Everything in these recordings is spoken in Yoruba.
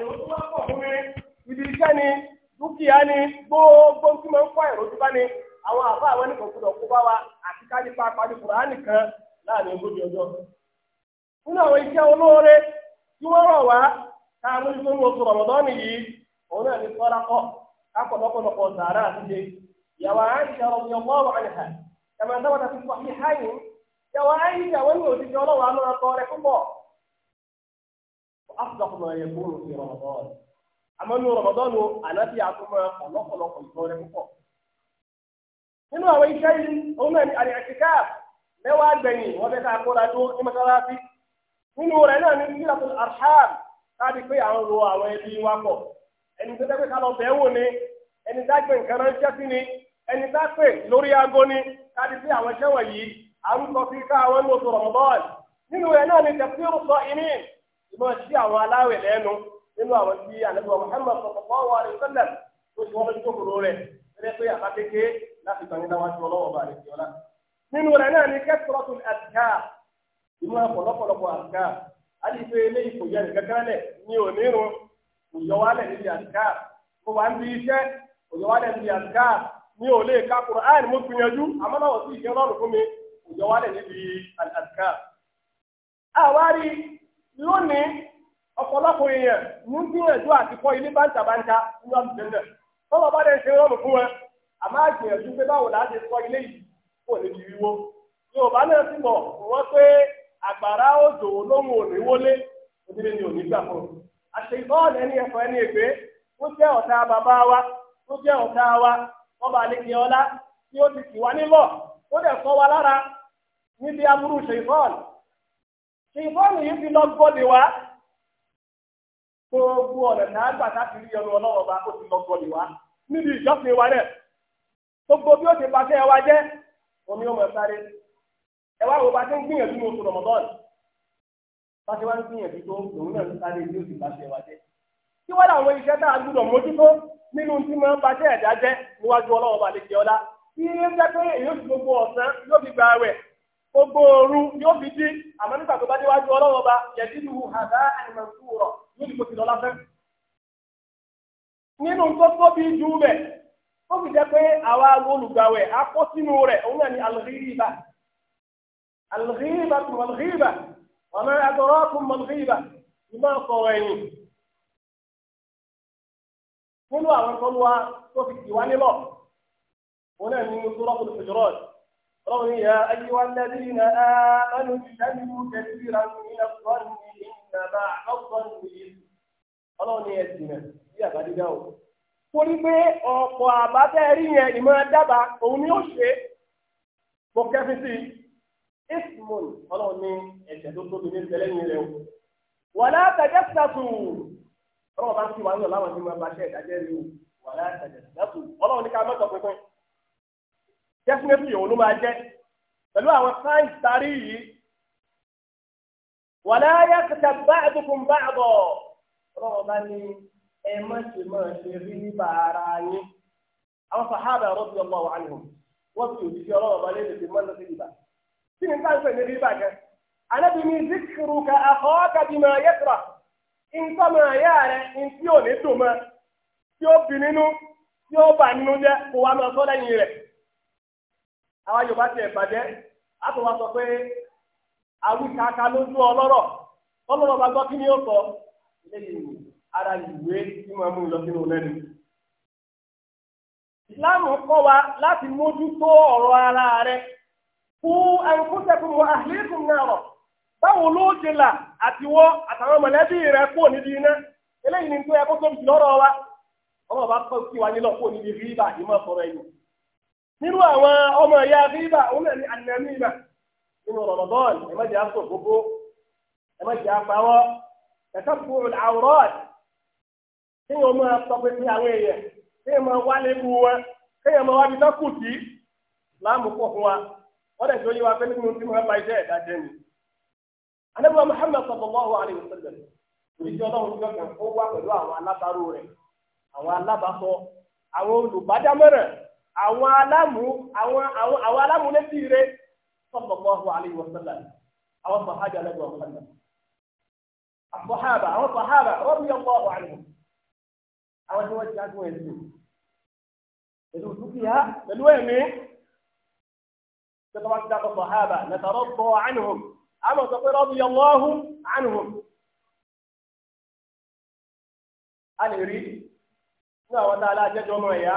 àìrò tó wá pọ̀ fún mi ibi iṣẹ́ ni dúkìá ni gbogbo tí mo ń kọ́ ẹ̀rọ tó bá ni àwọn àbá àwọn ẹnìkan gbọdọ̀ kó bá wa àti kájí pápá ní kùrán nìkan láàrin ogójì ọjọ́. nínú àwọn iṣẹ́ olóore tí wọ́n rọ̀ wá ká àwọn ìṣòro ní oṣù Ramadan yìí òun náà ní sọ́ra kọ́ kápọ̀lọpọ̀lọpọ̀ sàárà àtijọ́ ìyàwó àìsàn ọ̀gbìn ọgbọ́n àìsàn ẹ̀mọ̀ afdal ma yakunu fi Ramadan àmọ́ ní Ramadan o ànábì àtúmọ̀ ọ̀lọ́pọ̀lọpọ̀ ìtọ́rẹ púpọ̀ nínú àwọn iṣẹ́ yìí òun náà ni àlẹ́ àtìká mẹ́wàá gbẹ̀yìn wọ́n fẹ́ ká kóra tó ní mọ́sálásí nínú rẹ̀ náà ni sílàtò arham káàdì pé àwọn wo àwọn ẹbí wa pọ̀ ẹni tó dẹ́gbẹ́ ká lọ bẹ́ẹ̀ wò ni ẹni dágbé nǹkan ránṣẹ́ sí ni ẹni dágbé lórí aago ni káàdì pé àwọn iṣẹ́ wọ̀nyí à ń sọ sí ká àwọn lóṣù Ramadan nínú rẹ̀ náà ni tafsir sọ ìní máa ṣí àwọn aláwẹ̀ lẹ́nu nínú àwọn tí àlẹ́bọ̀ Muhammad sallallahu alaihi wasallam tó ti wọ́n lọ jókòó rẹ̀ ẹgbẹ́ pé àbá kéke láti gbà nígbà wájú ọlọ́wọ́ bá rẹ̀ jọ́lá. nínú rẹ̀ náà ni kẹ́tọ́rọ́tù àdìgá ìmọ̀ ọ̀pọ̀lọpọ̀lọpọ̀ àdìgá àdìgbé eléyìí kò yẹ nìkankanlẹ̀ ní onírun kò yọ wálẹ̀ níbi àdìgá kò wá ń bi iṣẹ́ kò yọ wálẹ̀ níbi àdìgá ní òlé ká Kùránì mo gbìyànjú àmọ́ náà wọ́n sì ìṣẹ́ lọ́rùn fún mi kò níbi àdìgá. àwárí lónìí ọ̀pọ̀lọpọ̀ èèyàn ń gbìyànjú àti kọ́ ilé báńtàbáńtà ní ọdún tẹ́lẹ̀ tọ́lọ bá dẹ̀ ṣe rọrùn fún ẹ àmọ́ àgbìyànjú pé báwo láti kọ́ ilé yìí kò lè di wíwó yorùbá náà sì mọ̀ wọ́n pé àgbàrá òjò lóhun wọlé ni gbà fún ẹni ẹni ègbé ó ọ̀tá bàbá wa ó ọ̀tá wa ọba àlejò ọlá tí ó ti kì wá nílọ̀ ó dẹ̀ wa lára níbi aburú ṣìbọ́ọ̀lù yìí fi lọ gbọ́dì wá gbogbo ọ̀rẹ̀ náà gbà láti rí ọrọ̀ ọlọ́wọ́ bá ó ti lọ gbọ́dì wá níbi ìjọsìn wa rẹ̀ gbogbo bí ó ti bá sẹ́yà wa jẹ́ omi ọmọ sáré ẹ wá wo bá ti ń gbìyànjú ní oṣù rọmọdọ́ọ̀nù bá ti wá ń gbìyànjú tó lòun náà ń sáré bí ó ti bá sẹ́yà wa jẹ́ kí wọ́n làwọn iṣẹ́ tá a gbúdọ̀ mójútó nínú tí máa ń bá sẹ́yà já jẹ́ níwájú ọlọ́wọ́ bá lè jẹ́ ọlá kí ilé ń jẹ́ pé èyí ò gbogbo ooru yóò fi dín àmọ́ nígbà tó bá déwájú ọlọ́wọ́ bá yẹ̀dí lu àdá àìmọ̀tú rọ̀ yóò ní mo ti lọ láfẹ́. nínú tó tóbi jù bẹ̀ ó sì jẹ́ pé àwa olùgbàwẹ̀ á kó sínú rẹ̀ òun náà ni alghiba alghiba tó alghiba wa ma adrakum alghiba ìmọ̀ sọ̀rọ̀ ẹ̀yìn. nínú àwọn tó wá tó fi قل يا أيها الذين آمنوا اجتنبوا كثيرا من الظن إن بعد الظن إثم ọlọ́run ní ẹ̀sìn bí àbádídá o. torí pé ọ̀pọ̀ àbátẹ́rí yẹn ìmọ̀ dábàá òun ni ó ṣe mo kẹ́fí sí ismun ọlọ́run ní ẹ̀jẹ̀ tó tóbi ní ìṣẹ̀lẹ̀ yìí rẹ̀ o. wàlá tẹ̀jẹ̀ sàtù ọlọ́run bá ń fi wàhálà láwọn ìgbìmọ̀ àbáṣẹ́ ìdájẹ́ rẹ̀ o wàlá tẹ̀jẹ̀ sàtù ọlọ́run ní ká mọ́tò pínpín definitely òun ló máa jẹ́ pẹ̀lú àwọn sáyẹ̀nsì tarí yìí wàlẹ́ ayé kẹta bá ẹ̀dùnkùn bá àbọ̀ ọlọ́wọ́ bá ní ẹ má ṣe má ṣe rí nípa ara yín àwọn sàhábà rọ́bì ọmọ wa ni wọ́n fi òṣìṣẹ́ ọlọ́wọ́ bá lé lèdè mọ́tò sí ìbà kí ni táwọn fẹ́ ní rí bàjẹ́ anábì ní zikiru ka àkọ́ kàbí máa yẹ tura nǹkan máa yá rẹ nǹkan yóò ní tòun mọ́ tí ó bì nínú tí ó bà nínú jẹ́ kó wá máa sọ́ lẹ́yìn rẹ̀. àwọn yorùbá tiẹ̀ bàjẹ́ àtọwà sọ pé awíkaka lójú ọlọ́rọ̀ ọlọ́rọ̀ bá gbọ́ kí ni ó sọ lẹ́yìn ara ìwé tí máa mú ìlọsínú lẹ́nu. ìsìláàmù kọ́ láti mójútó ọ̀rọ̀ ara rẹ fún ẹnkúnṣẹ́kùn wa àhílẹ́kùn náà rọ̀ báwo ló ṣe là àtiwọ́ àtàwọn mọ̀lẹ́bí rẹ kúrò níbi iná eléyìí ni tó yẹ kó tóbi jù lọ́rọ̀ wa ọmọ bá kọ́ sí wa nílọ kúrò níbi rí nínú àwọn ọmọ ìyá bíbà òun náà ní ànàmímà nínú Ramadan ẹ má jẹ́ àpò gbogbo ẹ má jẹ́ àpawọ́ ẹ̀ka kúrò àwòrán kí wọ́n máa sọ àwọn èèyàn kí wọ́n máa wọn kí wọ́n máa fún wa wọ́n dẹ̀ wa pé nínú tí bá iṣẹ́ ẹ̀dá jẹ́ àwọn alámú àwọn àwọn àwọn alámú létí rẹ sallallahu alaihi wa sallam àwọn sàhábà lẹgbẹ wọn sọlá àfọhábà àwọn sàhábà radiyallahu anhum àwọn tí wọn ti àgùn ẹsùn pẹ̀lú dúkìá pẹ̀lú ẹ̀mí tẹtọwọ ti dàkọ sàhábà lẹtọrọ bọ ànihùn àmọ́ sọ pé radiyallahu anhum a lè rí ní àwọn tá a lájẹjọ ọmọ ẹ̀yà.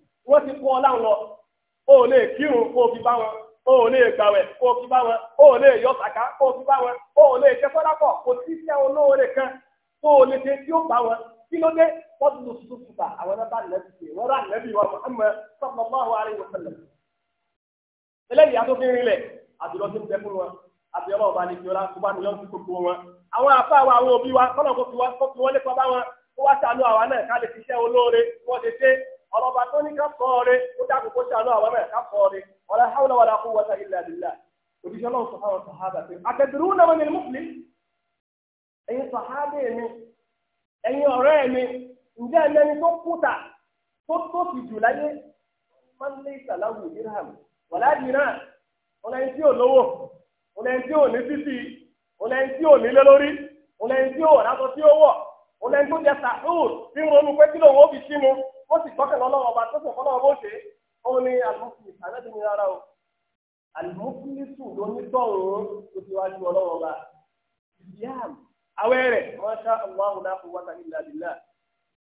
wọ́n ti kó ọ láwọn lọ o ò lè kírun kó fi bá wọn o ò lè gbàwẹ̀ kó fi bá wọn o lè yọ sàká kó fi bá wọn o lè jẹ fọlápọ̀ kò sí kan lè ṣe tí ó bá wọn kí ló dé wọ́n ti lò tuntun àwọn ṣe wọ́n rà wọn mọ̀ ọlọ́ba tó ní ká sọ ó dá àkókò àlọ́ àwọn ẹ̀rọ ká sọ ọ́rẹ́ wala hawla wala quwwata òbíṣẹ́ sọ fáwọn pé àtẹ̀dúró náà wọn ni mùsùlùmí ẹ̀yin sàhábà mi ẹ̀yin ọ̀rẹ́ mi ǹjẹ́ ẹ̀mẹ́ni tó kúta tó tóbi jù láyé wala tí ò lówó tí ò ní ó sì gbọ́kẹ̀ lọ́lọ́wọ́ ọba tó sì náà bó ṣe ó ní alimusulisu àlẹ́ mi rárá o alimusulisu lónítọ̀hún tó ti ọlọ́wọ́ ọba awẹ́ rẹ̀ wọ́n ṣá náà wáta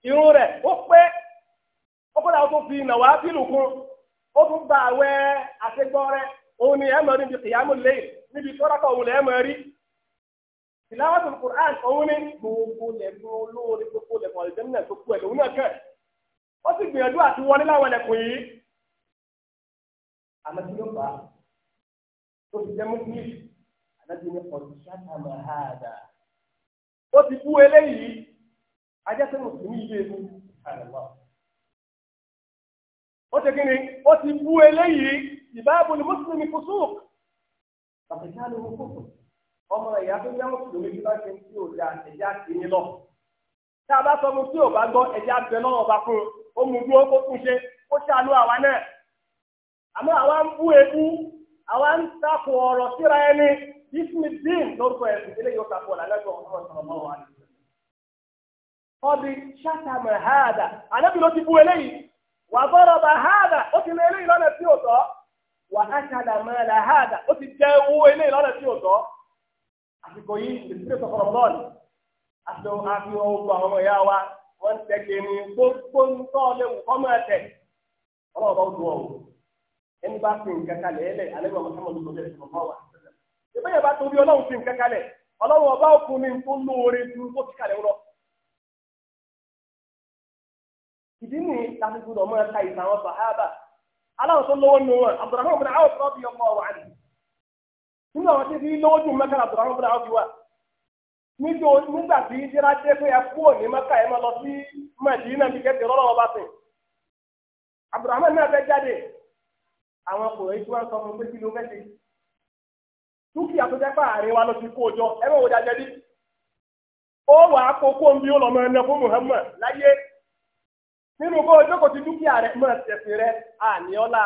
irun rẹ̀ ó pé ó kọ́ da ó fi ìnáwó ápìlù kún ó tún gba àwẹ̀ àṣegbọ́ rẹ̀ òun ni ẹ̀mọ́ níbi òun ni gbogbo ó sì gbìyànjú àti wọlé láwọn ẹlẹ́kùn yìí àmọ́ kí ló fà á tó ti jẹ́ mọ́tìlì àdájọ́ ní ọ̀dùn ṣáàtà màhàdà ó ti bú eléyìí ajẹ́sẹ̀ mùsùlùmí yìí ewu àlọ́ ó ti kí ni ó ti bú eléyìí ìbáàbò ní mùsùlùmí kò sùn pàtàkì àlọ́ òkú ọmọ ìyá tó jẹ́ mùsùlùmí tí bá ṣe tí ò da ẹ̀já kì í lọ tá a bá sọ mu tí ò bá gbọ́ ẹ̀já bẹ lọ́wọ́ bá fún un ó mú dúró kó kún ṣe kó ṣàánú àwa náà àmọ́ àwa ń bú ebú àwa ń takò ọ̀rọ̀ síra ẹni ismidin lórúkọ ẹ̀sìn ilé yóò takò ọ̀là lẹ́gbọ̀n ọ̀rọ̀ sọ̀rọ̀ mọ́ wa. ọbí ṣàtàmì hàdà ànábì ló ti bú eléyìí wà bọ́rọ̀ bá ó ti lé eléyìí lọ́nà tí ò tọ́ wà á ṣàdàmì ó ti jẹ́ owó eléyìí lọ́nà tí ò tọ́ àsìkò yìí ìdílé sọ̀rọ̀ mọ́ọ̀lì àti àwọn ọmọ ìyá wa wọ́n tẹ̀ kìíní gbogbo ńtọ́ léwu kọ́mọ ẹ̀tẹ̀ ọlọ́run bá dùn ọ̀hún ẹni bá fi nǹkan kalẹ̀ ẹ̀lẹ̀ alẹ́ bá mọ̀tàmọ́ ló lọ́jọ́ ìṣòro bá wà. ìbéyẹ̀ bá torí ọlọ́run fi nǹkan kalẹ̀ ọlọ́run ọba òkun ni tó lóore ju ó ti kalẹ̀ lọ. ìdí ni láti gbọdọ̀ mọ́ ẹ̀ka ìtàn àwọn sàhábà aláwọ̀ tó lówó nù wọn Abdurrahman bin Awf rọ́bì ọmọ wàhálì nínú àwọn tí nígbà tí yíyíra dé pé ẹ kú òní mẹ́ka ẹ máa lọ sí Mẹdínà bí kẹ́tẹ́ rọ́lọ́wọ́ bá sìn Abdulrahman náà fẹ́ jáde àwọn ọkùnrin tí wọ́n sọ fún pé kí ló fẹ́ ṣe dúkìá tó àárín wa ló ti kó ẹ wò bí ó kó kóńbí mọ ẹnẹ fún Muhammad láyé nínú kó ojú kò ti dúkìá rẹ mọ ẹsẹ̀ rẹ àníọ́lá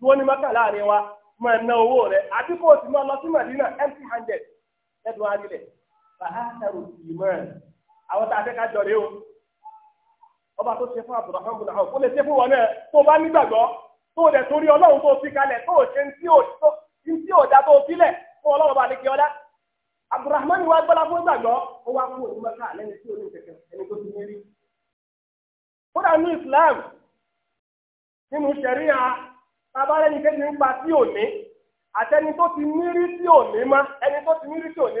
dúró ní mẹ́ka láàrin wa mọ ẹ̀ná owó rẹ lọ sí empty handed fàhásàrù ìmọ̀ràn àwọn tá a fẹ́ ká jọ rèé o ọba tó ṣe fún Abdulrahman bin ọ lè wọn náà tó bá nígbàgbọ́ tó dẹ̀ torí ọlọ́run tó fi kalẹ̀ tó ṣe ń tí ò dá tó sílẹ̀ fún ọlọ́run bá ní kí ọlá fún ìgbàgbọ́ ó wá fún òun mẹ́ta lẹ́ni tí ó ní kẹ̀kẹ́ ẹni tó ti ní rí. kódà ní Islam nínú bàbá rẹ̀ ti ti ní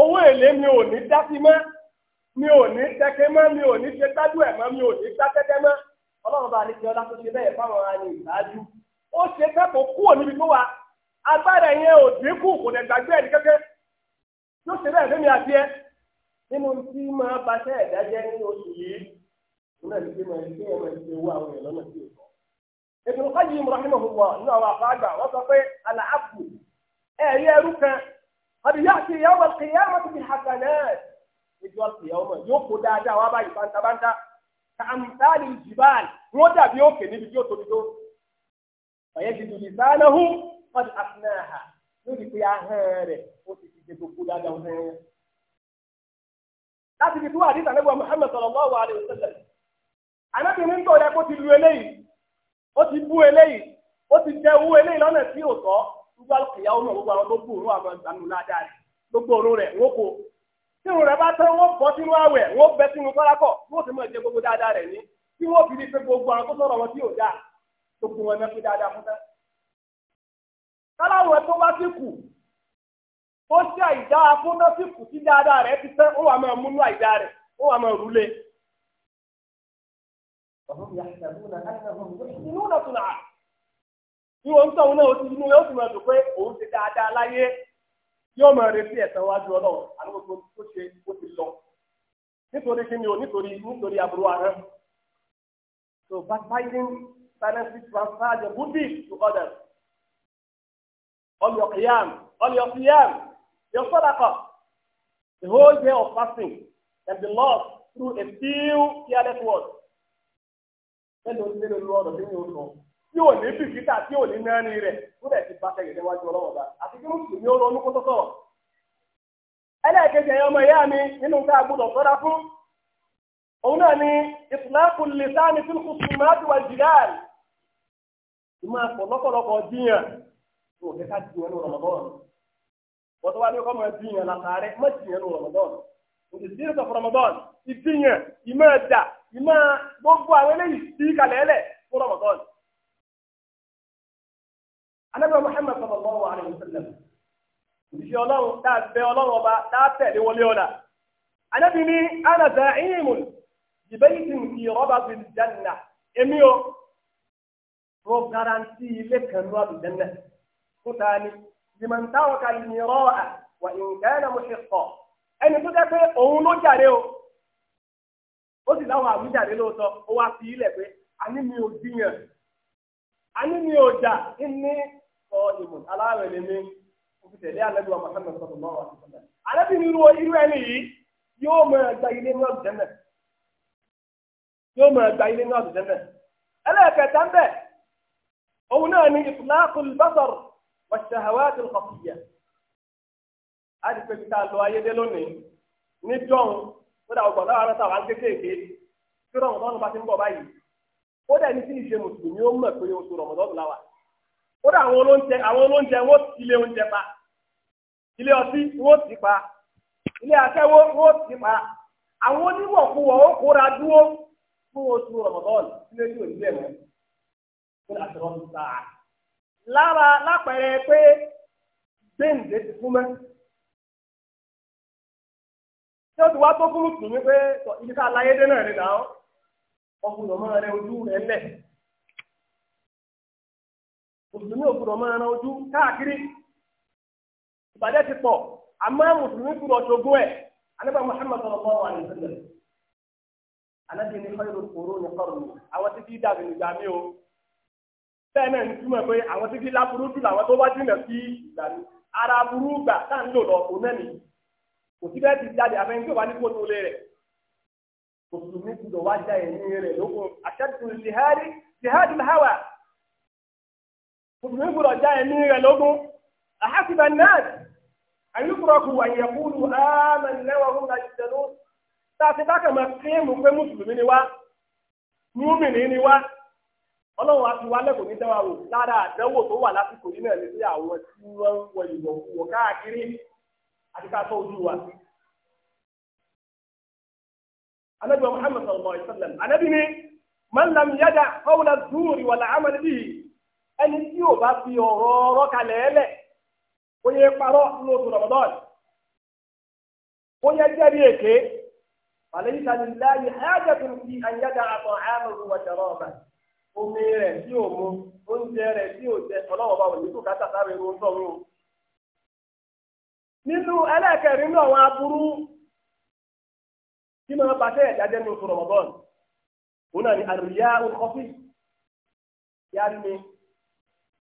owó èlé mi ò ní dásí mọ́ mi ò ní tẹ́kẹ́ mọ́ mi ò ní ṣe tájú mi ò ní gbá mọ́ ọlọ́run bá ní kí ọlá tó ṣe bẹ́ẹ̀ fáwọn àni ìdájú ó ṣe kẹ́kọ̀ọ́ kúrò níbi tó wà agbára ò dínkù kò dẹ̀ gbàgbé kẹ́kẹ́ ṣe bẹ́ẹ̀ fẹ́mi àti nínú tí máa ẹ̀dá jẹ́ nínú oṣù yìí àbí yóò ṣe ìyàwó kìyà wọn ti hàkà náà ìjọ ìyàwó mọ yóò kó dáadáa wá báyìí bántabántá ka àmìtáàlì jìbáàlì wọn dàbí òkè níbi tí ó tóbi tó ọ̀yẹ́ ti dùn ìsánáhù wọn ti àfúnáhà lórí pé ahọ́n rẹ̀ ó ti ti ṣe gbogbo dáadáa ọ̀hún rẹ̀. láti fi túwà àdìsá nígbà Muhammad sallallahu alaihi wasallam anábìrin tó yẹ kó ti lu eléyìí ó ti bú eléyìí ó ti jẹ owó eléyìí lọ́nà tí ò tọ́ gbogbo ìyàwó náà gbogbo àwọn tó kú àwọn ìgbàanù ládàá rẹ̀ gbogbo òun rẹ̀ wọ́n kó tí òun rẹ̀ bá tẹ́ wọ́n bọ́ sínú àwẹ̀ wọ́n bẹ sínú kọ́lákọ̀ wọ́n sì mọ̀ jẹ gbogbo dáadáa rẹ̀ ní tí wọ́n fi ní pé gbogbo àwọn tó sọ̀rọ̀ wọn tí ò dáa gbogbo wọn náà dáadáa fún fẹ́. káláwọ̀ tó bá sì kù ó ṣe àìdá fún náà sì dáadáa rẹ̀ ti tẹ́ ó wà máa múnú àìdá rẹ̀ ó wà máa rúlé. ọ̀hún yàtọ̀ bí wọ́n ń sọ̀rọ̀ náà ó ti inú yóò sì máa dùn pé òun ti dáadáa láyé yóò máa retí ẹ̀san wájú ọlọ́run àlọ́ tó ṣe ó ti lọ nítorí kí ni o nítorí nítorí aburú ara so baptizing silently transfer the buddhist to others all your qiyam all your qiyam your sadaqah the whole day of fasting can be lost through a few careless words. mélòó mélòó lọ́rọ̀ nínú ọ̀sán tí ò ní bìkítà tí ò ní náírà rẹ̀ ó dẹ̀ ti bá tẹ̀yẹ̀ níwájú ọlọ́wọ́ bá àti kí mùsùlùmí ó ronú kó tó sọ̀rọ̀. ẹlẹ́ẹ̀kejì ẹ̀yọ́ ọmọ ìyá mi nínú ká gbọdọ̀ sọ́ra fún òun náà ni ìtìláàkù lìsáàni fún kùsùmáàtì wà jìdáàlì ìmọ̀ àpọ̀ lọ́pọ̀lọpọ̀ díyàn tó o kẹ́kẹ́ díyàn ní rọmọdọ́ọ̀nù wọ́n tó wá ní ọkọ̀ máa díyàn látàárẹ̀ má díyàn ní rọmọdọ́ọ̀nù òtún sí ìrìnsọ̀ fún rọmọdọ́ọ̀nù ìmọ̀ ẹ̀dà ìmọ̀ gbogbo àwọn eléyìí sí kalẹ̀ ẹlẹ̀ fún rọmọdọ́ọ̀nù anábẹ́ Muhammad sallallahu alaihi wasallam ìṣe ọlọ́run tá a bẹ ọlọ́run ọba tá a tẹ̀lé wọlé ọ̀la anábì ní ana za'imun ìbẹ́yìí ti rọ́bà fi janna èmi o tó garanti ilé kan lọ́wọ́ fi janna fún ta ni limantawa ka nìrọ́ à wà nǹkan muhiqqan ẹni tó jẹ́ pé òun ló jàre o ó sì láwọn àwíjàre lóòótọ́ ó wá fi ilẹ̀ pé a ní mi ò jiyàn a ní mi ò jà ní sọ ìbò aláwẹ̀ lè ní òfin tẹ̀lé alẹ́ wa Muhammad sọ̀rọ̀ mọ́ wa sọ̀rọ̀ alẹ́ bí irú irú ẹni yìí yóò mọ ẹgbà ilé náà jẹ́mẹ̀ yóò mọ ẹgbà ilé náà jẹ́mẹ̀ ẹlẹ́ẹ̀kẹta ń bẹ̀ òun náà ni itlaqul basar wa shahawat al-khafiyya á ti pẹ́ kíkà lọ ayédè lónìí ní jọ́hún ó dà ọgbọ̀n láwọn ará tí wọ́n bá ti ń bọ̀ báyìí ó dẹ̀ ní sí ìṣe mùsùlùmí ó mọ̀ pé oṣù rọ̀mọ̀dọ́dù láwàá kódà àwọn olóúnjẹ àwọn olóúnjẹ wọ́n ti ilé oúnjẹ pa ilé ọtí wọ́n ti pa ilé akẹ́wọ́ wọ́n ti pa àwọn oníwọ̀kuwọ̀ ó kóra dúró fún oṣù rọ̀mọ̀tọ́ọ̀lù sílé yóò nílẹ̀ mọ́ fún àtẹ̀wọ́n ti sáà lára lápẹẹrẹ pé gbẹ̀ǹdé ti fún mẹ́ tí ó ti wá tó fún mi pé ibi ká láyé dé náà rẹ̀ náà ọkùnrin ọmọ rẹ̀ ojú rẹ̀ lẹ̀ mùsùlùmí ò gbọdọ̀ máa ran ojú káàkiri ìpàdé ti pọ̀ àmọ́ mùsùlùmí gbọdọ̀ ṣogún ẹ̀ anábà Muhammad sallallahu alaihi wasallam anábì ní khairul quruni qarni àwọn tí kì í dàbí nígbà mí o bẹ́ẹ̀ náà ní túmọ̀ pé àwọn tí kì í láburú jù làwọn tó bá jìnà sí ìgbà ara burú gbà tá à ń lò lọ òun náà kò sí bẹ́ẹ̀ ti jáde àfẹ́yìn tí ò bá ní kótó lé rẹ̀ mùsùlùmí gbọdọ̀ wá já ẹ̀yìn rẹ̀ lókun àṣẹ mùsùlùmí gbọ́dọ̀ já ẹ̀mí rẹ̀ lógún àhásìbẹ̀ náà àyùkúrọ̀kù àyẹ̀kúrù àmàlẹ́wọ̀n lájìdẹ̀lú táàfin tákàmà kírímù pé mùsùlùmí ni wá múmìnì ni wá ọlọ́run á ti wá lẹ́kọ̀ọ́ ní dáwà wò lára àdánwò tó wà lásìkò yìí náà sí àwọn tí wọ́n wọ ìwọ̀kuwọ̀ káàkiri àti ká ojú wa. anábì Muhammad sallallahu alaihi anábì ni man lam yada qawla ẹni tí ò bá fi ọ̀rọ̀ ọ̀rọ̀ kalẹ̀ ẹlẹ̀ kó yẹ parọ́ nínú oṣù rọ̀mọ́dọ́n kó yẹ jẹ́bi èké àlẹ́ yìí sani láàyè ayájẹ́tò ti àyájá àtọ̀ àmọ̀ wọ̀jọ̀rọ̀ ọ̀bà omi rẹ̀ tí ò mu oúnjẹ rẹ̀ tí ò jẹ ọlọ́wọ́ bá wọ̀nyí kó kátà sáré wọn sọ̀rọ̀ o. nínú ẹlẹ́ẹ̀kẹrin náà wọn aburú kí máa bàtẹ́ ẹ̀dájẹ́ nínú oṣù rọ̀mọ́dọ́n òun náà ni àrùyá òkọ́fíì yá ni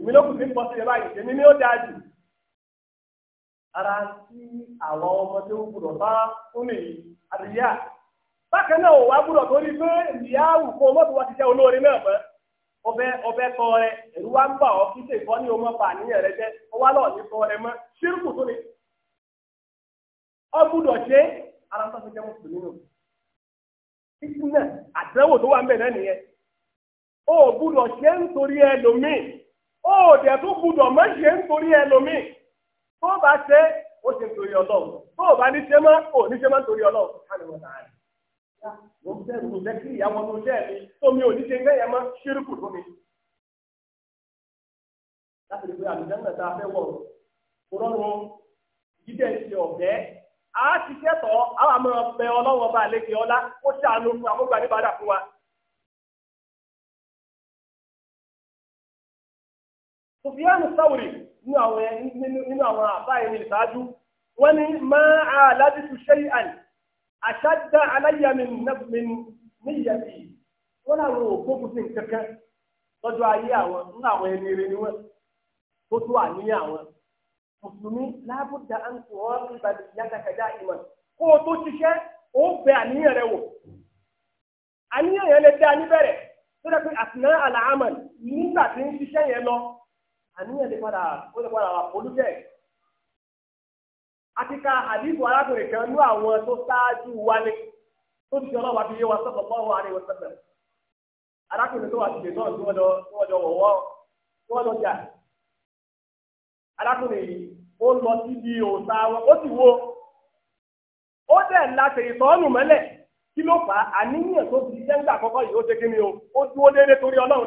èmi ló kù pọ̀ sí ni ó jù. ara tí àwọn ọmọ tó gbúdọ̀ bá fún mi àdìyà bákan náà wà gbúdọ̀ tó rí pé ìyá àwùkọ mọ́tò wa ti jẹ́ olóore náà mọ́ ọbẹ̀ ọbẹ̀ kọ rẹ ẹ̀rú ń bà ọ́ kí ṣe ní ọmọ pa àníyàn rẹ jẹ́ ọwá náà ní kọ rẹ mọ́ ṣírùkù tó ara jẹ́ ó dẹ̀ tó gbúdọ̀ má ṣe ń torí ẹlòmíì tó bá ṣe ó ṣe ń torí ọlọ́run tó bá ní ṣe mọ́ ó ní ṣe mọ́ torí ọlọ́run káàdì wọn tàn án. mo fẹ́ mo fẹ́ kí ìyàwó ọdún jẹ́ mi tó mi ò ní ṣe gbẹ́yẹ̀ mọ́ ṣírùkù mi. láti àlùjá náà tá a fẹ́ wọ̀ jíjẹ́ a ti kẹ́tọ̀ọ́ àwọn àmọ́ ọ̀bẹ ọlọ́wọ́ bá ọlá ṣàánú fún Sufyan Sawri nínú àwọn nínú àwọn àbá ẹni ìsáájú wọ́n ní máa aláàdìsù shay'an ashadda alayya min nafmin niyyati wọ́n láwọn ògbógun sí kankan lọ́jọ́ ayé àwọn nínú àwọn ẹni rere ni wọ́n tó tó àníyàn àwọn. Mùsùlùmí lábùdá à ń tún ọ́ ìbàdí yàtàkàjá ìmọ̀ kó o tó ṣiṣẹ́ ó bẹ àníyàn rẹ wò. Àníyàn yẹn lè dá níbẹ̀rẹ̀ tó dẹ́ pé àtìná àlàámà nígbà tí ń ṣiṣẹ́ yẹn lọ àníyàn lè padà ó lè padà wà polúkẹ́ àti ka àdìbò arákùnrin kan ní àwọn tó sáájú wa ní tó ti ọlọ́wà bí yé wa sọ́kọ̀ bọ́ọ̀rọ̀ àríwọ̀ sẹ́fẹ̀ arákùnrin tó wà ti dènà tí wọ́n jọ wọ̀wọ́ tí wọ́n jà arákùnrin yìí ó lọ síbi wọn ó sì wo ó dẹ̀ ìtọ́nù mẹ́lẹ̀ kí ló fà á àníyàn tó fi ńgbà yìí ó ṣe kí ni o ó dúró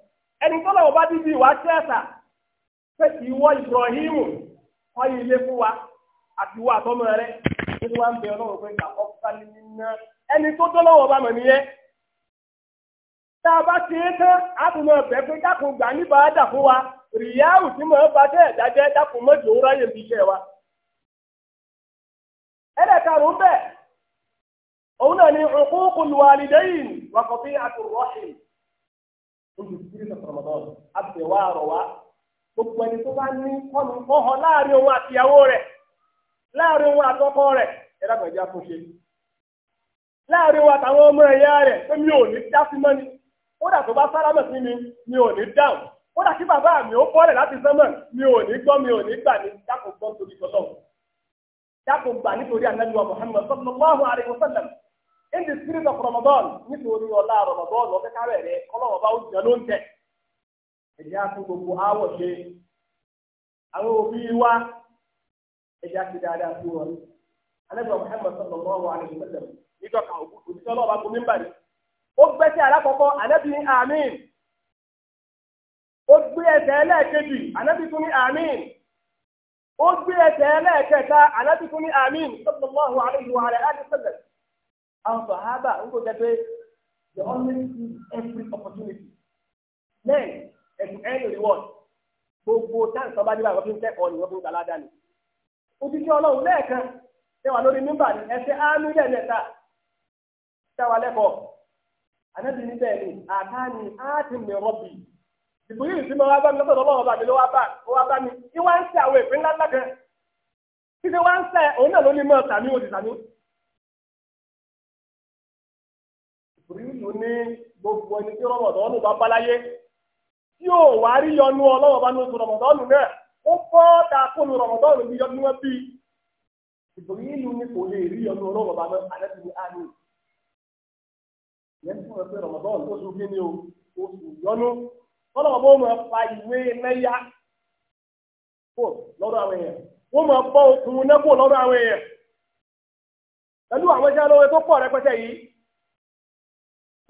ẹni tó lọ́wọ́ bá dídí ìwà sí ẹ̀sà pé kì í wọ Ibrahim kọ́ ilé fún wa àti ìwà àtọ́mọ rẹ nínú wá ń bẹ ọlọ́run pé ìgbà nínú ẹni tó tó lọ́wọ́ bá mọ̀ nìyẹn. tá a bá ti ń tán a tún mọ̀ bẹ́ẹ̀ pé dákun gbà nípa dà fún wa bá tẹ́ ẹ̀dá jẹ́ dákun mọ́jọ ráyè wa. ún bẹ́ẹ̀ òun náà ni oṣù títírí sọ̀tọ̀ Ramadan àbẹ̀wò àrọ̀ wa gbogbo ẹni tó bá ní kọ́nù kọ́hàn láàrin òun àti ìyàwó rẹ̀ láàrin òun àtọkọ rẹ̀ ẹ dàgbà ẹja fún ṣe láàrin òun àtàwọn ọmọ ẹ̀yà rẹ̀ pé mi ò ní dá sí mọ́ni kódà tó bá sálámọ̀ sí mi mi ò ní dáhùn kódà kí bàbá mi ó kọ́lẹ̀ láti sánmọ̀ mi ò ní gbọ́ mi ò ní gbà ní dákò gbọ́ nítorí tọ́lọ́ dákò gbà nítorí in the spirit of Ramadan nítorí ọlá Ramadan ọ̀fẹ́ kárẹ̀ rẹ ọlọ́wọ́ bá ó jẹ ló ń tẹ̀ ẹ̀jẹ̀ á fún gbogbo àwọ̀ ṣe àwọn òbí wa ẹ̀jẹ̀ á ti dáadáa fún wọn alẹ́bùrọ̀ Muhammad sallallahu alaihi wa sallam nígbà ka òbíṣẹ́ ọlọ́wọ́ bá gbomi ń bàrí ó gbé sí alákọ̀ọ́kọ́ alẹ́bí ní àmín ó gbé ẹsẹ̀ ẹlẹ́ẹ̀kejì alẹ́bí tún ní àmín ó gbé ẹsẹ̀ ẹlẹ́ẹ̀kẹta alẹ́bí tún ní àmín sallallahu alaihi wa sallam àwọn sọ̀hábà ń kò jẹ́ pé they always use every opportunity then ẹ̀sùn ẹ̀rù reward gbogbo táǹkì ọba nígbà wọ́n fi ń kẹ́kọ̀ọ́ ni wọ́n fi ń gbàládà ni òjijì ọlọ́run lẹ́ẹ̀kan tẹwà lórí mímbà ni ẹsẹ̀ áánú lẹ́ẹ̀mẹ́ta tẹwà lẹ́kọ̀ọ́ anábì níbẹ̀ ni àtàní áàtì mi rọ́bì ìbúyí ìsinmi wa bá mi lọ́sọ̀rọ̀ ọlọ́run ọba mi ló wá bá wá bá mi ìwà ń sẹ àwọn ìpín ńlá ńlá kan títí wá ń sẹ òun náà ló ní mọ́ sàmí òdì sàmí rílù ní gbogbo ẹni tí rọmọdọ́nù bá báláyé tí ò wá rí yọnu ọlọ́wọ́ bá ní oṣù rọmọdọ́nù náà ó bọ́ dàkúnù rọmọdọ́nù bí yọnu wọn bí ìbòrí ìlú ni kò lè rí yọnu ọlọ́wọ́ bá náà alẹ́ ti ní àná yẹn fún ẹ pé rọmọdọ́nù oṣù kí ni o oṣù yọnu ọlọ́wọ́ bó mọ̀ fa ìwé mẹ́yà kó lọ́dọ̀ àwọn èèyàn wọ́n mọ̀ bọ́ okùn náà kó lọ́dọ̀ àwọn èèyàn pẹ̀lú àwọn iṣẹ́ lọ́wọ́ tó pọ̀ rẹpẹtẹ yìí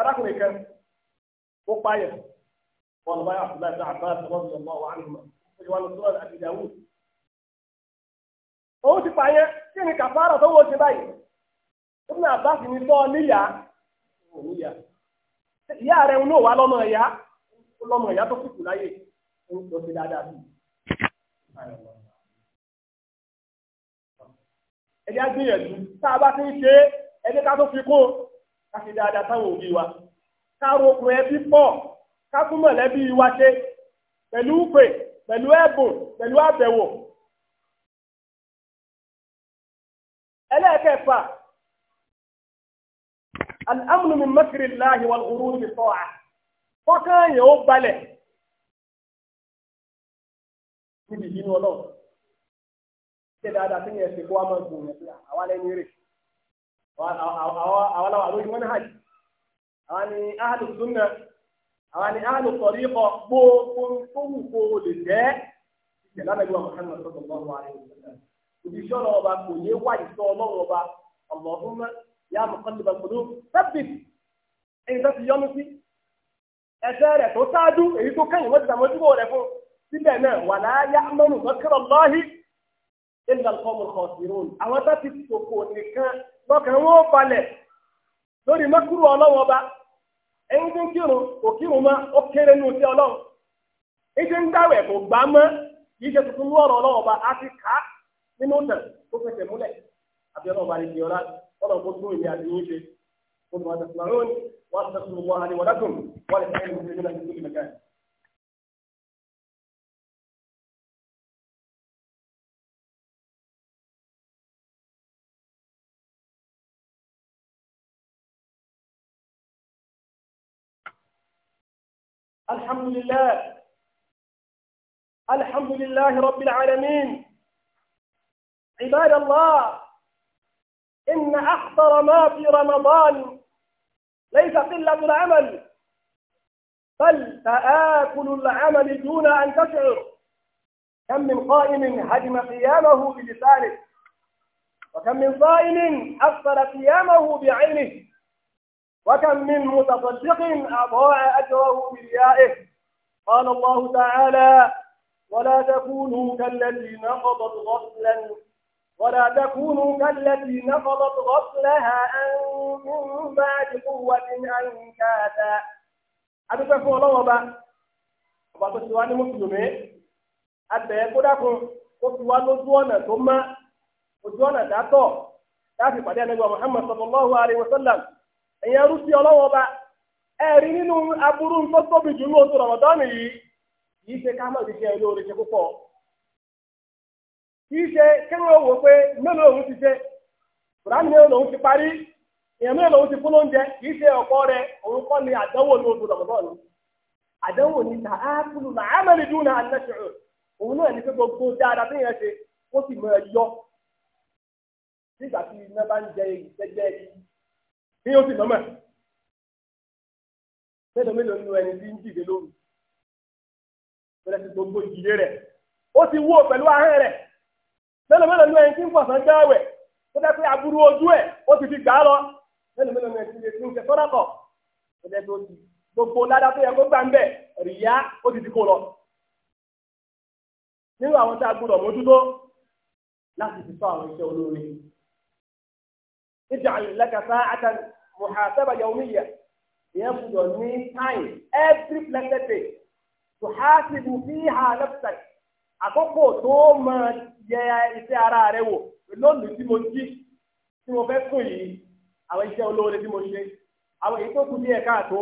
arákùnrin kan ó páyà wọn lọ báyà Abdullahi bin Abbas rọ́ọ̀dù ọmọ wa ni mo ti wà lọ sọ́ọ̀dù àti ìyàwó. òun ti pààyẹ kí ni kàfàrà tó wọ́n ṣe báyìí Ibn Abbas ní sọ níyà níyà ìyá rẹ̀ ń lò wá lọ́mọ ìyá lọ́mọ ìyá tó kùkù láyè ń lọ sí dáadáa sí i. ẹ̀yà gbìyànjú tá a bá ti ń ṣe ẹ̀jẹ̀ ká tó fi kún un ká fi dáadáa sáwọn òbí wa ká rokùn ẹbí pọ̀ ká tún mọ̀lẹ́bí wa ṣe pẹ̀lú pè pẹ̀lú ẹ̀bùn pẹ̀lú àbẹ̀wò. ẹlẹ́ẹ̀kẹfà al'amnu min láàyè wọn òru ní sọ́ọ̀à fọ́kàn yẹn ó balẹ̀ níbi ìbínú ọlọ́run ṣe dáadáa sí ní ẹ̀sìn kó wá máa gbòòrò sí àwa lẹ́ni rèé àwọn làwọn àlójú wọn ní hajj àwọn ni ahlu sunna àwọn ni ahlu tariqa gbogbo tó wù kó o lè jẹ́ ìṣẹ̀lá nàbí wa Muhammad sallallahu alaihi wasallam òbíṣẹ́ ọlọ́wọ́ bá kò yé wá ìṣọ́ ọlọ́wọ́ bá Allahumma ya muqallibal qulub thabbit èyí tó ti yọ́nú sí ẹsẹ̀ rẹ̀ tó ṣáájú èyí tó náà wà láyà mọ́nù mọ́kẹ́rọ̀ lọ́kàn wọn ó falẹ̀ lórí mẹ́kúrú ọlọ́wọ́ ọba ẹni tí ń kírun kò kírun mọ́ ó kéré ní oṣù ọlọ́run ìṣe ń dáwẹ̀ kò gbá ọba á ti kà á nínú ìtàn tó fẹsẹ̀ múlẹ̀ àbí ọlọ́wọ́ ọba ni kó tún الحمد لله الحمد لله رب العالمين عباد الله إن أخطر ما في رمضان ليس قلة العمل بل تآكل العمل دون أن تشعر كم من قائم هدم قيامه بلسانه وكم من صائم أفطر قيامه بعينه وكم من متصدق أضاع أجره بريائه قال الله تعالى ولا تكونوا كالتي نقضت غسلا ولا تكونوا كالتي نقضت غسلها أن من بعد قوة أنكاثا adúpẹ́ fún ọlọ́wọ́ bá ọba tó ti wá ní mùsùlùmí abẹ́ kódàkùn kó fi wá lójú ọ̀nà tó má ojú ọ̀nà dátọ̀ láti pàdé Ànábì Muhammad sallallahu alaihi wasallam nye rúsí ọlọ́wọ́ bá ẹ̀rí nínú aburú tó tóbi jù lóòótọ́ rọ̀mọ̀dọ́nù yìí kì í ṣe ká mọ̀ ṣiṣẹ́ olóore ṣe púpọ̀ kì í ṣe kéwọ́n wò pé mélòó òun ti ṣe kùránì mélòó òun ti parí òun ti fún lóúnjẹ ṣe ọ̀pọ̀ rẹ òun kọ́ ni àdánwò ní oṣù àdánwò ni náà kí yóò sì lọ́mọ̀ mélòó mélòó nínú ẹni tí ń o lóru bẹ́ẹ̀ ti gbogbo ìdílé rẹ̀ ó ti wó pẹ̀lú ahọ́n rẹ̀ mélòó nínú ẹni tí ń fọ̀sán tó pé aburú ojú ẹ̀ ó ti fi gbà á lọ mélòó nínú ẹni tí ń fi ṣe sọ́dọ̀kọ̀ tó gbogbo tó yẹ kó gbà ń ti ti kó lọ nínú àwọn tá a mójútó láti fi sọ àwọn iṣẹ́ olóore muhasaba yawmiya ìyẹn gbọ́dọ̀ ní time every blessed day tó há sí bu fi hà lẹ́pẹ̀tẹ̀ àkókò tó máa yẹ iṣẹ́ ara rẹ wò lónìí tí mo jí tí mo fẹ́ sùn yìí àwọn iṣẹ́ olóore tí mo ṣe àwọn èyí tó kù díẹ̀ káàtó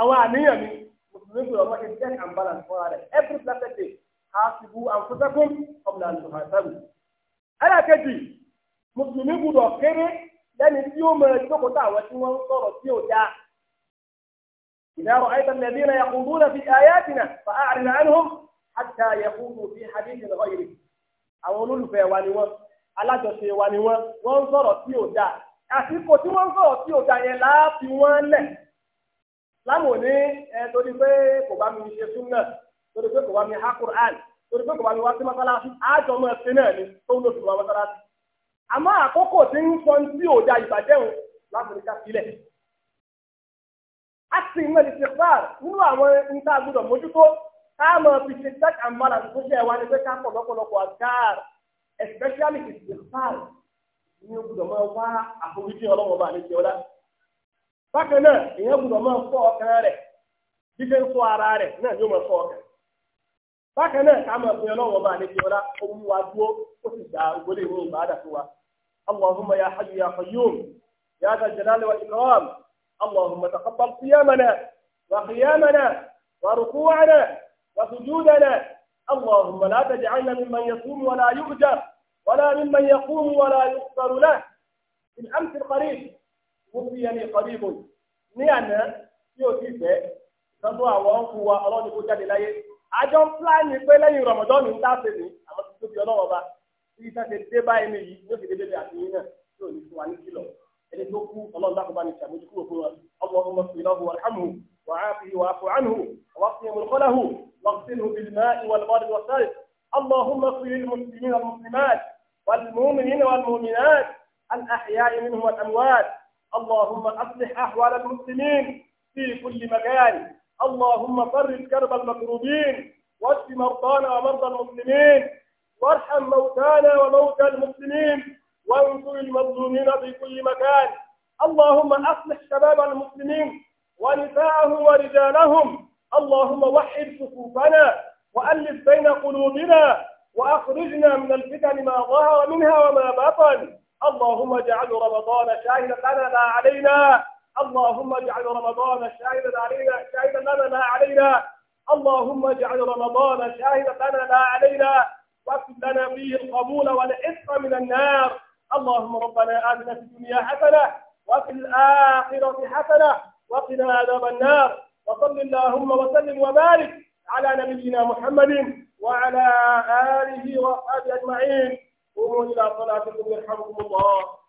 àwọn àníyàn mi mùsùlùmí gbọ́dọ̀ wọ́n ṣe check and balance fúnra rẹ̀ every blessed day há sí bu àǹfọ̀sẹ́kùn ọ̀bùnà àǹtọ̀hàṣẹ́bù. ẹlẹ́kẹ̀jì mùsùlùmí gbọ́dọ̀ kéré lẹ́ni tí ó mọ ìjókòó tá àwọn tí wọ́n ń sọ̀rọ̀ tí ò dáa. إذا رأيت الذين يخوضون في آياتنا فأعرض عنهم حتى يخوضوا في حديث غيره àwọn olólùfẹ́ wa ni wọ́n alájọṣe wa ni wọ́n wọ́n ń sọ̀rọ̀ tí ò dáa àsìkò tí wọ́n ń sọ̀rọ̀ tí ò dáa yẹn láàfin wọ́n lẹ̀ láwọn ò ní ẹ torí pé kò bá mi ṣe súnà torí pé kò bá mi ha Qur'an torí pé kò bá mi wá sí mọ́sálásí àjọmọ́ ẹ̀sìn náà ni tó ń lò sí wọn mọ́sálásí. àmọ́ àkókò tí ń sọ tí ò da ìbàjẹ́hùn láfíríkà sílẹ̀. a sì ń lè ṣe nínú àwọn nta gbọdọ̀ mójútó ká fi ṣe jack and mara tó ṣe wá ní pé ká pọ̀ lọ́pọ̀lọpọ̀ àgáàr especially fi ṣe ní máa wá ọlọ́wọ́n bá ọlá. bákan náà máa fọ ọkàn rẹ̀ jíjẹ́ ń ara rẹ̀ náà yóò máa fọ bákan náà ká máa fi ọlọ́wọ́ bá àlejò ọlá ohun wa dúró ó sì gba ògbólé ìwé ìbáàdà fún wa allahumma ya hayyu ya qayyum ya dal jalali wal ikram allahumma taqabbal siyamana wa qiyamana wa ruku'ana wa sujudana اللهم لا تجعلنا ممن يصوم ولا يؤجر ولا ممن يقوم ولا يغفر له في الامس القريب وفي لي قريب ní àná tí ó ti fẹ́ lọ́dún àwọn ọkùnrin wa ọlọ́run kó jáde láyé àjọ ń pílánì pé lẹ́yìn rọ̀mọ̀dọ́ mi ń dáṣe ní àwọn tó tóbi ọlọ́wọ́ bá ibi tá ṣe dé báyìí ní yìí yóò fi dédé àti yín náà yóò ní fún wa ní kìlọ̀ ẹni tó kú ọlọ́run dákun bá ní ṣàmójú kúrò fún wa اللهم اغفر له وارحمه وعافه واعف عنه واقسم مدخله واغسله بالماء والبرد والثلج اللهم اغفر للمسلمين والمسلمات والمؤمنين والمؤمنات الاحياء منهم والاموات اللهم اصلح احوال المسلمين في كل مكان اللهم فرج كرب المكروبين واشف مرضانا ومرضى المسلمين وارحم موتانا وموتى المسلمين وانصر المظلومين في كل مكان اللهم اصلح شباب المسلمين ونساءهم ورجالهم اللهم وحد صفوفنا والف بين قلوبنا واخرجنا من الفتن ما ظهر منها وما بطن اللهم اجعل رمضان شاهدا لنا لا علينا اللهم اجعل رمضان شاهدا علينا شاهدا لنا لا علينا اللهم اجعل رمضان شاهدا لنا لا علينا واكتب لنا فيه القبول والعتق من النار اللهم ربنا آتنا في الدنيا حسنة وفي الآخرة حسنة وقنا عذاب النار وصل اللهم وسلم وبارك على نبينا محمد وعلى آله وأصحابه أجمعين قوموا إلى صلاتكم يرحمكم الله